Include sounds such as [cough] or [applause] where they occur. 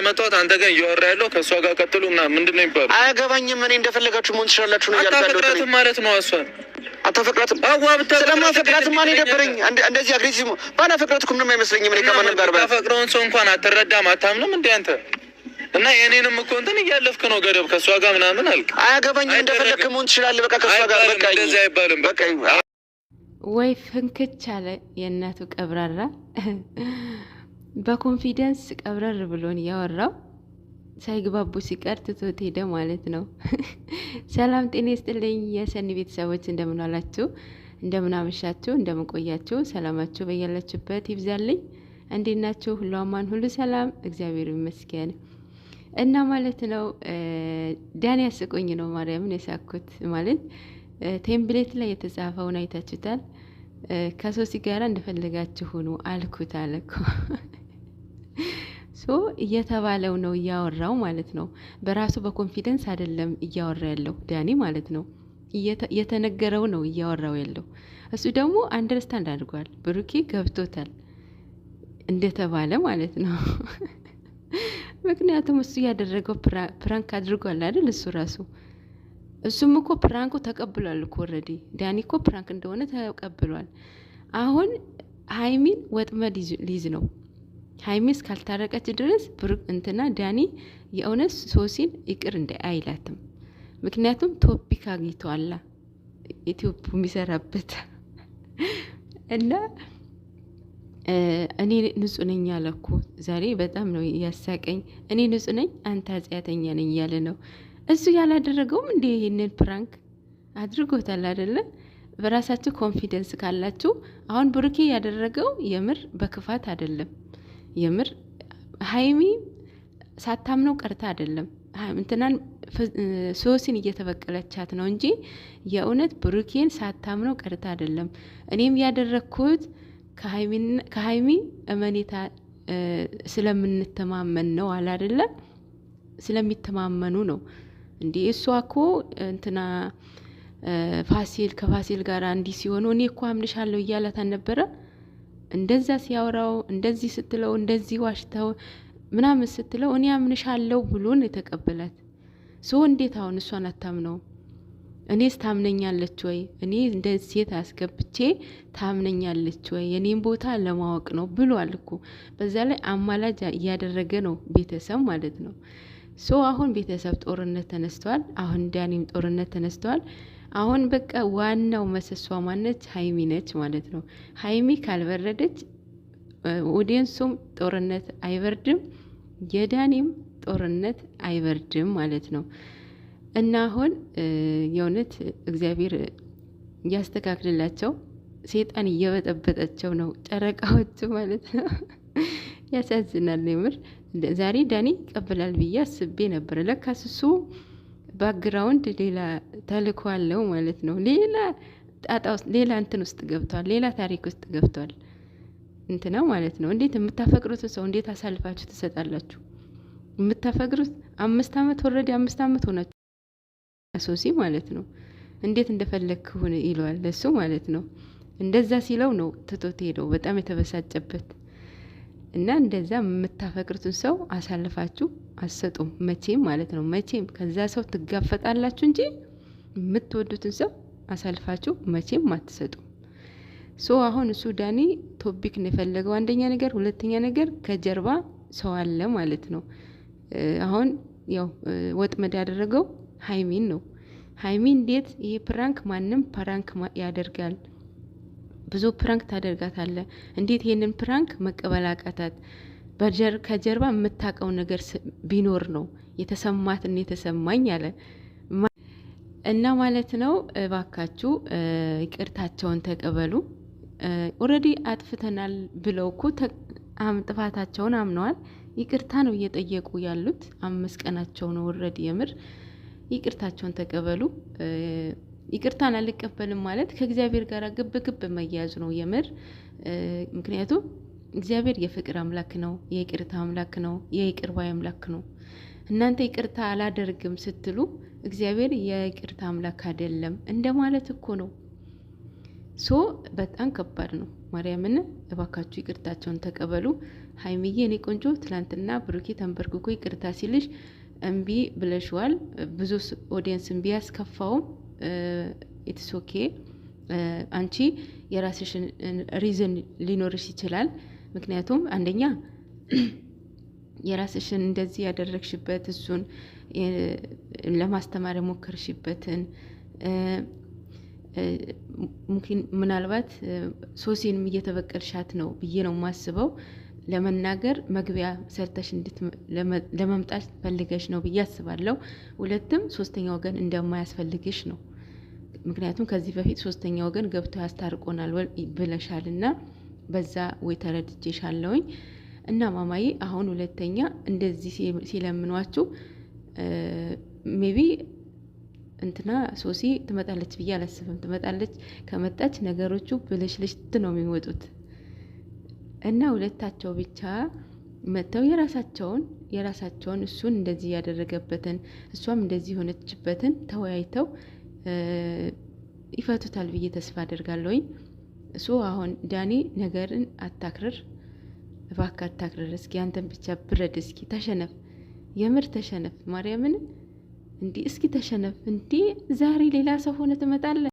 የመጣሁት አንተ ጋር እያወራ ያለው ከእሷ ጋር ቀጥሉ ምናምን ምንድን ነው የሚባለው? አያገባኝም። እኔ እንደፈለጋችሁ መሆን ትችላላችሁ ነው እያልኩ ያለሁት ማለት ነው። እሷን አታፈቅራትም። ስለማፈቅራትማ እኔ ደበረኝ። እንደዚህ አግሬሲቭ ባላፈቅራት እኮ ምንም አይመስለኝም። እኔ ከማንም ጋር ባላፈቅረውን ሰው እንኳን አትረዳም፣ አታምንም እንደ አንተ እና የእኔንም እኮ እንትን እያለፍክ ነው ገደብ ከእሷ ጋር ምናምን አልክ። አያገባኝ እንደፈለግህ መሆን ትችላለህ። በቃ ከእሷ ጋር በቃ እንደዚህ አይባልም። በቃ ወይ ፍንክች አለ የእናቱ ቀብራራ በኮንፊደንስ ቀብረር ብሎን እያወራው ሳይግባቡ ሲቀር ትቶት ሄደ ማለት ነው። [laughs] ሰላም ጤና ይስጥልኝ የሰኒ ቤተሰቦች፣ እንደምን አላችሁ? እንደምን አመሻችሁ፣ እንደምን ቆያችሁ? ሰላማችሁ በያላችሁበት ይብዛልኝ። እንዴት ናችሁ? ሁሉ አማን፣ ሁሉ ሰላም፣ እግዚአብሔር ይመስገን። እና ማለት ነው ዳኒ ያስቆኝ ነው ማርያምን የሳኩት ማለት ቴምፕሌት ላይ የተጻፈውን አይታችሁታል። ከሶሲ ጋራ እንደፈለጋችሁ ሁኑ አልኩት አለኩ [laughs] ሶ እየተባለው ነው እያወራው ማለት ነው። በራሱ በኮንፊደንስ አይደለም እያወራ ያለው ዳኒ ማለት ነው። የተነገረው ነው እያወራው ያለው። እሱ ደግሞ አንደርስታንድ አድርጓል። ብሩኬ ገብቶታል እንደተባለ ማለት ነው። [laughs] ምክንያቱም እሱ ያደረገው ፕራንክ አድርጓል አይደል? እሱ ራሱ እሱም እኮ ፕራንኩ ተቀብሏል እኮ ኦልሬዲ ዳኒ እኮ ፕራንክ እንደሆነ ተቀብሏል። አሁን ሀይሚን ወጥመድ ሊይዝ ነው ሀይሚ ካልታረቀች ድረስ ብሩክ እንትና ዳኒ የእውነት ሶሲን ይቅር እንደ አይላትም። ምክንያቱም ቶፒክ አግኝተዋላ ኢትዮፕ የሚሰራበት [laughs] እና እኔ ንጹህ ነኝ አለ እኮ ዛሬ በጣም ነው ያሳቀኝ። እኔ ንጹህ ነኝ አንተ አጽያተኛ ነኝ እያለ ነው። እሱ ያላደረገውም እንዴ ይህንን ፕራንክ አድርጎታል አይደለ? በራሳችሁ ኮንፊደንስ ካላችሁ አሁን ብሩኬ ያደረገው የምር በክፋት አይደለም። የምር ሀይሚ ሳታምነው ቀርታ አይደለም እንትናን ሶሲን እየተበቀለቻት ነው እንጂ የእውነት ብሩኬን ሳታምነው ቀርታ አይደለም። እኔም ያደረግኩት ከሀይሚ እመኔታ ስለምንተማመን ነው አለ አይደለም፣ ስለሚተማመኑ ነው። እንዲህ እሷ እኮ እንትና ፋሲል ከፋሲል ጋር እንዲህ ሲሆኑ እኔ እኮ አምንሻለሁ እያላት አልነበረ እንደዛ ሲያወራው እንደዚህ ስትለው እንደዚህ ዋሽተው ምናምን ስትለው እኔ አምንሻለሁ ብሎን የተቀበላት ሶ እንዴት አሁን እሷን አታምነው? እኔስ ታምነኛለች ወይ? እኔ እንደ ሴት አስገብቼ ታምነኛለች ወይ? የኔን ቦታ ለማወቅ ነው ብሏል እኮ። በዛ ላይ አማላጅ እያደረገ ነው ቤተሰብ ማለት ነው። ሶ አሁን ቤተሰብ ጦርነት ተነስተዋል። አሁን ዳኒም ጦርነት ተነስተዋል። አሁን በቃ ዋናው መሰሷ ማነች? ሀይሚ ነች ማለት ነው። ሀይሚ ካልበረደች ኦዲየንሱም ጦርነት አይበርድም፣ የዳኒም ጦርነት አይበርድም ማለት ነው። እና አሁን የእውነት እግዚአብሔር እያስተካክልላቸው ሴጣን እየበጠበጠቸው ነው ጨረቃዎቹ ማለት ነው። ያሳዝናል የምር። ዛሬ ዳኒ ይቀበላል ብዬ አስቤ ነበረ። ለካስ እሱ ባክግራውንድ ሌላ ተልእኮ አለው ማለት ነው። ሌላ ጣጣ ውስጥ ሌላ እንትን ውስጥ ገብቷል። ሌላ ታሪክ ውስጥ ገብቷል እንትና ማለት ነው። እንዴት የምታፈቅሩትን ሰው እንዴት አሳልፋችሁ ትሰጣላችሁ? የምታፈቅሩት አምስት ዓመት ወረደ አምስት ዓመት ሆናችሁ ሶሲ ማለት ነው። እንዴት እንደፈለግክ ሁን ይለዋል ለሱ ማለት ነው። እንደዛ ሲለው ነው ትቶት ሄደው በጣም የተበሳጨበት እና እንደዛ የምታፈቅሩትን ሰው አሳልፋችሁ አትሰጡም መቼም ማለት ነው። መቼም ከዛ ሰው ትጋፈጣላችሁ እንጂ የምትወዱትን ሰው አሳልፋችሁ መቼም አትሰጡም። ሶ አሁን እሱ ዳኒ ቶፒክ ነው የፈለገው። አንደኛ ነገር፣ ሁለተኛ ነገር ከጀርባ ሰው አለ ማለት ነው። አሁን ያው ወጥመድ ያደረገው ሀይሚን ነው። ሀይሚ እንዴት ይሄ ፕራንክ፣ ማንም ፕራንክ ያደርጋል፣ ብዙ ፕራንክ ታደርጋታለ። እንዴት ይሄንን ፕራንክ መቀበል አቃታት? ከጀርባ የምታውቀው ነገር ቢኖር ነው የተሰማትን የተሰማኝ አለ እና ማለት ነው። እባካችሁ ይቅርታቸውን ተቀበሉ። ኦልሬዲ አጥፍተናል ብለው እኮ ጥፋታቸውን አምነዋል። ይቅርታ ነው እየጠየቁ ያሉት። አምስት ቀናቸው ነው ኦልሬዲ። የምር ይቅርታቸውን ተቀበሉ። ይቅርታን አልቀበልም ማለት ከእግዚአብሔር ጋር ግብ ግብ መያያዙ ነው የምር ምክንያቱም እግዚአብሔር የፍቅር አምላክ ነው፣ የይቅርታ አምላክ ነው፣ የይቅር ባይ አምላክ ነው። እናንተ ይቅርታ አላደርግም ስትሉ እግዚአብሔር የይቅርታ አምላክ አይደለም እንደማለት እኮ ነው። ሶ በጣም ከባድ ነው። ማርያምን እባካችሁ ይቅርታቸውን ተቀበሉ። ሀይምዬ እኔ ቆንጆ፣ ትናንትና ብሩኬ ተንበርክኮ ይቅርታ ሲልሽ እምቢ ብለሽዋል። ብዙ ኦዲየንስ እምቢ ያስከፋውም ኢትስ ኦኬ። አንቺ የራስሽን ሪዝን ሊኖርሽ ይችላል። ምክንያቱም አንደኛ የራስሽን እንደዚህ ያደረግሽበት እሱን ለማስተማር የሞከርሽበትን ምናልባት ሶሲንም እየተበቀልሻት ነው ብዬ ነው የማስበው። ለመናገር መግቢያ ሰርተሽ ለመምጣት ፈልገሽ ነው ብዬ አስባለሁ። ሁለትም ሶስተኛ ወገን እንደማያስፈልግሽ ነው። ምክንያቱም ከዚህ በፊት ሶስተኛ ወገን ገብቶ ያስታርቆናል ብለሻል እና በዛ ወይ ተረድቼሻለሁኝ። እና ማማዬ አሁን ሁለተኛ እንደዚህ ሲለምኗችሁ ሜቢ እንትና ሶሲ ትመጣለች ብዬ አላስብም። ትመጣለች፣ ከመጣች ነገሮቹ ብልሽልሽት ነው የሚወጡት። እና ሁለታቸው ብቻ መጥተው የራሳቸውን የራሳቸውን እሱን እንደዚህ ያደረገበትን እሷም እንደዚህ የሆነችበትን ተወያይተው ይፈቱታል ብዬ ተስፋ አደርጋለሁኝ። እሱ አሁን ዳኒ ነገርን አታክርር፣ እባክህ አታክርር። እስኪ አንተን ብቻ ብረድ፣ እስኪ ተሸነፍ፣ የምር ተሸነፍ። ማርያምን እንዲህ እስኪ ተሸነፍ። እንዲህ ዛሬ ሌላ ሰው ሆነ ትመጣለህ።